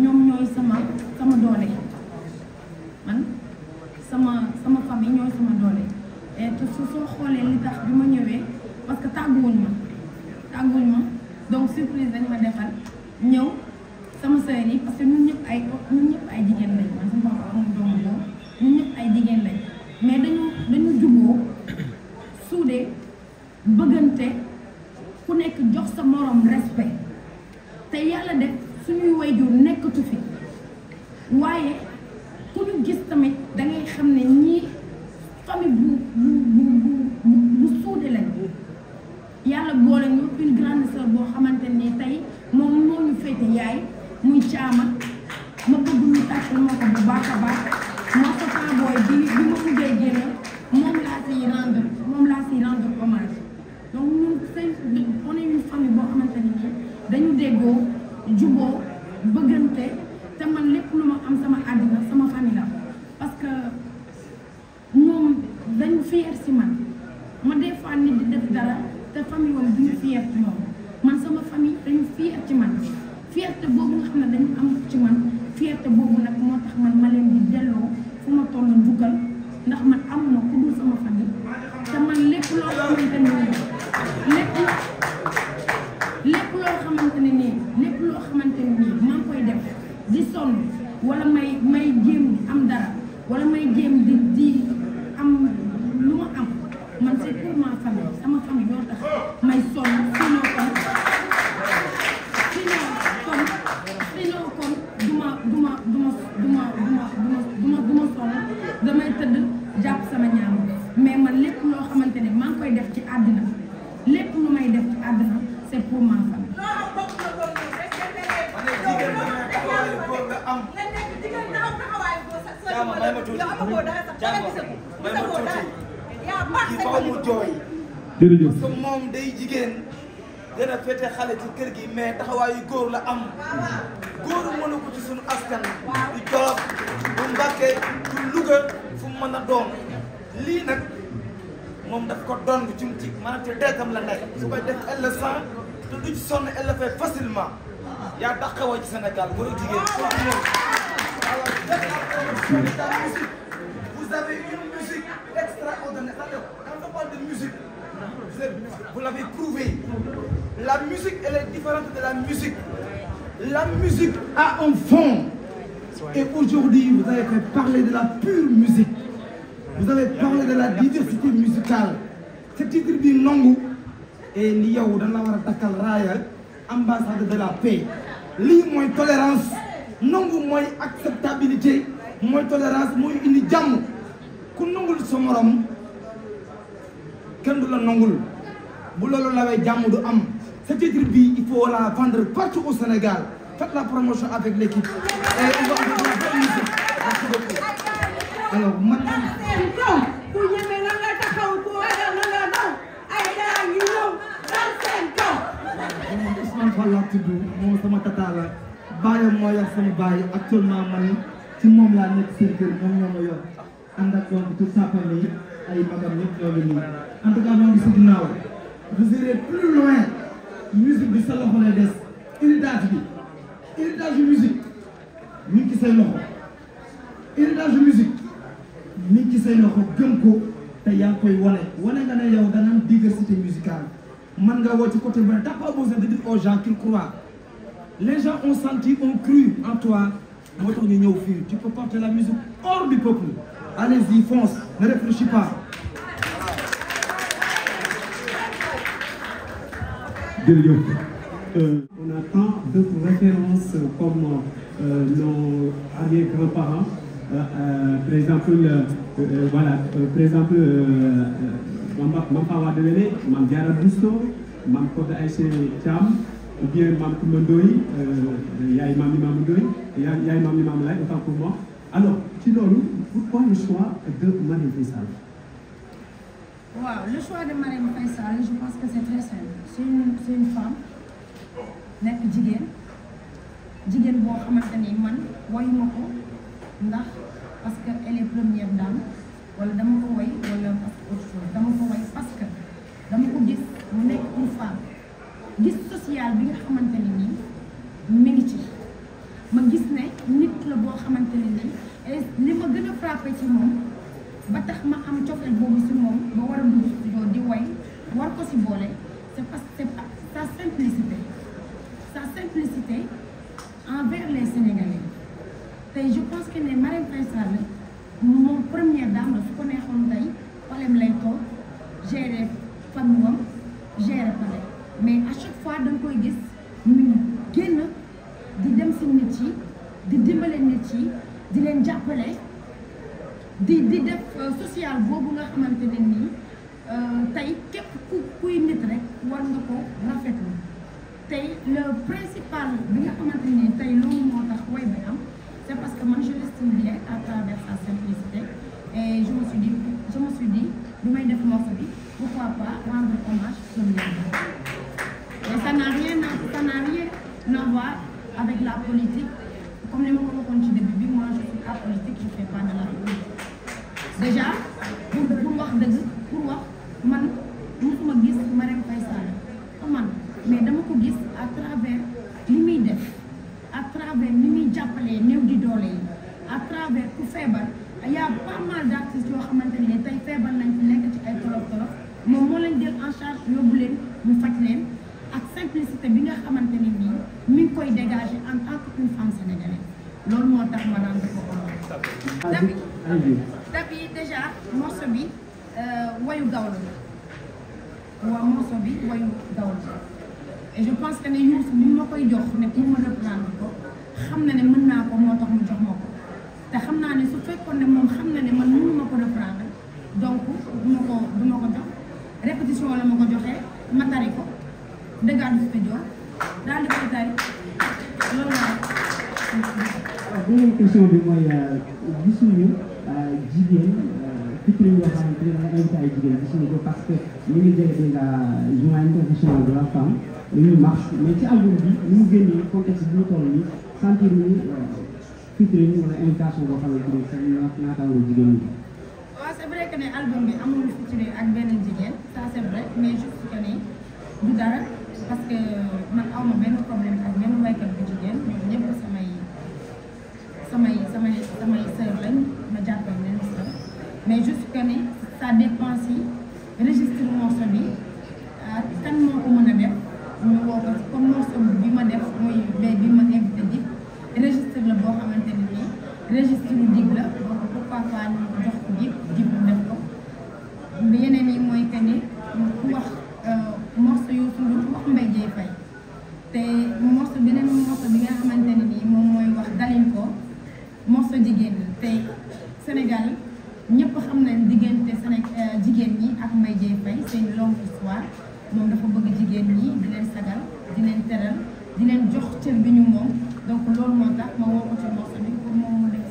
ñoom ñooy sama sama doole man sama sama famille ñooy sama doole te su soo xoolee li tax bi ma ñëwee parce que tàgguwuñ ma tàgguwuñ ma donc surprise dañ ma defal ñëw sama sœur yi parce que ñun ñëpp ay ñun ñëpp ay jigéen lañ man sama papa amul doomu góor ñun ay jigéen lañ waaye dara te famille moom duñu fier ci moom man sama famille dañu fier ci man fierté boobu nga xam ne dañu ci man fierté boobu nag moo tax man ma leen di delloo fu ma toll njukkal ndax man am na ku dul sama famille te man lépp loo xamante nii lépp lépp loo xamante nii lépp koy def di sonn wala ma may jéem am dara wala may jéem di may sonn sinon kon sinon kon sinon kon duma duma duma duma duma duma duma sonn damay tëdd jàpp sama ñaam mais man lépp loo xamante ne maa ngi koy def ci àddina lépp lu may def ci àddina c'est pour ma famille jaama may ma tuuti jaama may ma tuuti yaa baax jërëjëf parce moom day jigéen dana féete xale ci kër gi mais taxawaayu góor la am góor mënu ko ci suñu askan du Jolof du Mbàkke du Luga fu mu a doon lii nag moom daf ko doon ci mu ci maanaam ci deetam la nekk su koy def elle sans te du ci sonn elle fait facilement yaa daqawoo ci Sénégal góor jigéen foofu noonu vous avez une vous l'avez prouvé. La musique, elle est différente la musique. La musique a un fond. Et aujourd'hui, vous avez fait parler de la pure musique. Vous avez parlé de la diversité musicale. Ce titre bi nangu et li yow dañ la war a takkal ambassade de la paix. lii mooy tolérance nangu mooy acceptabilité mooy tolérance mooy indi jàmm ku nangul sa kenn du la nangul. bu loolu lawee jàmm du am ce titre bi il faut la vendre partout au Sénégal faites promotion avec l'équipe et on va en faire une man ku ñeme na nga ku moom sama tata la baayam moo sama baay actuellement man ci laa nekk seen moom ñoo ma yor ànd ak donc tout sa ay magam ñëpp ñoo nii en tout cas ngi si ginnaaw vous irez plus loin bi sa loxo lay des héritage bi héritage yu musique mi ngi ci say loxo héritage yu musique mi ci say loxo gëm ko te yaa koy wane wane nga ne yow dana am diversité musicale man nga woo ci côté ba t'as pas besoin de o aux gens qu'ils croient les gens ont senti ont cru en toi moo tax ñu ñëw fii tu peux la musique hors du peuple allez-y fonce ne réfléchis pas jërëjëf. Euh, on a tant d'autres références comme euh, nos arrière-grands-parents euh, euh, par exemple euh, voilà par exemple Mame Pawa Déwélé Mame Diarra Bousso Mame Kodda Aïcha Thiam ou bien Mame Coumba Ndoye yaay Mame Limamou Ndoye yaay Mame Limamou Laye autant pour moi alors ci loolu pourquoi le choix de Marie waaw le choix de Marème Faye je pense que c'est très simple c'est une c'est une nekk jigéen jigéen boo xamante ni man wayuma ko ndax parce que elle est première dame wala dama ko way wala parce que autre dama ko way parce dama ko gis nekk une femme gis sociale bi nga xamante ni nii mi ngi ci ma gis ne nit la boo xamante ni nii li ma gën a frappé ci moom ba tax ma am cofeel boobu si moom ba war a dugg studio di woy war ko si boole c'est parce que sa simplicité sa simplicité envers les Sénégalais tey je pense que ne Marième Faye Sall première dame la su ko neexoon tey problème lay toog gérer famille am gérer mais à chaque fois da nga koy gis mu génn di dem si nit yi di dimbale nit yi di leen jàppale di def euh, social boobu nga xamante ne nii euh, tey képp ku kuy nit rek war nga ko rafetlu tey le principal bi nga xamante ne nii tey moo tax way c'est parce que man je l'estime bien à simplicité et je me suis dit je def morceau pourquoi pas rendre hommage comme ça n'a rien n'a rien à avec la politique comme ni ma ko waxoon ci début bi moi je suis apolitique je fais pas de la pour pour wax dëgg pour wax man mosuma gis ma Faye Sall ko mais dama ko gis à travers li muy def à travers li muy jàppalee néew di doole yi à travers ku feebar y a pas mal d'artistes yoo xamante ne tey feebar nañ fi nekk ci ay tolof tolof moom moo leen jël en charge yóbbu leen mu faj leen ak simplicité bi nga xamante ni koy dégager en tant loolu moo tax ma naan dafa yi déjà morceau bi euh, wayu gawlo la waaw morceau bi wayu gawlo la et je pense que ne Youssou ni ma koy jox ne pour ma reprendre ko xam na ne mën naa ko moo tax mu jox ma ko te xam naa ne su fekkoon ne moom xam na ne man mënu ma ko reprendre donc du ma ko du ma ko jox répétition la ma ko joxee ma tari ko dëggaat du fi jox daal di koy tari deuxième question bi mooy euh, gisuñu euh, jigéen fii ci la ñu wax am dinañ invité ay jigéen gisuñu ko parce que ñu ngi jëlee déjà journée internationale de la femme le 8 mars mais ci album bi ni mu génnee contexte bi ñu toll nii sentir ni fii ci la ñu wala invitation boo xam ne jigéen sax ñu wax naataango jigéen ñi. waaw c'est vrai que ne album bi amul featuring ak benn jigéen ça c'est vrai mais juste que ne du dara parce que euh, man aw ma benn problème ak benn waykat bu jigéen ñoom ñëpp mais juste que ni ça dépend si registre morceau bi kan moo ko mën a def. c'est une longue histoire moom dafa bëgg jigéen ñi di leen sagal di leen jox cër bi ñu moom donc loolu moo tax ma woo ko ci morceau bi pour moom mu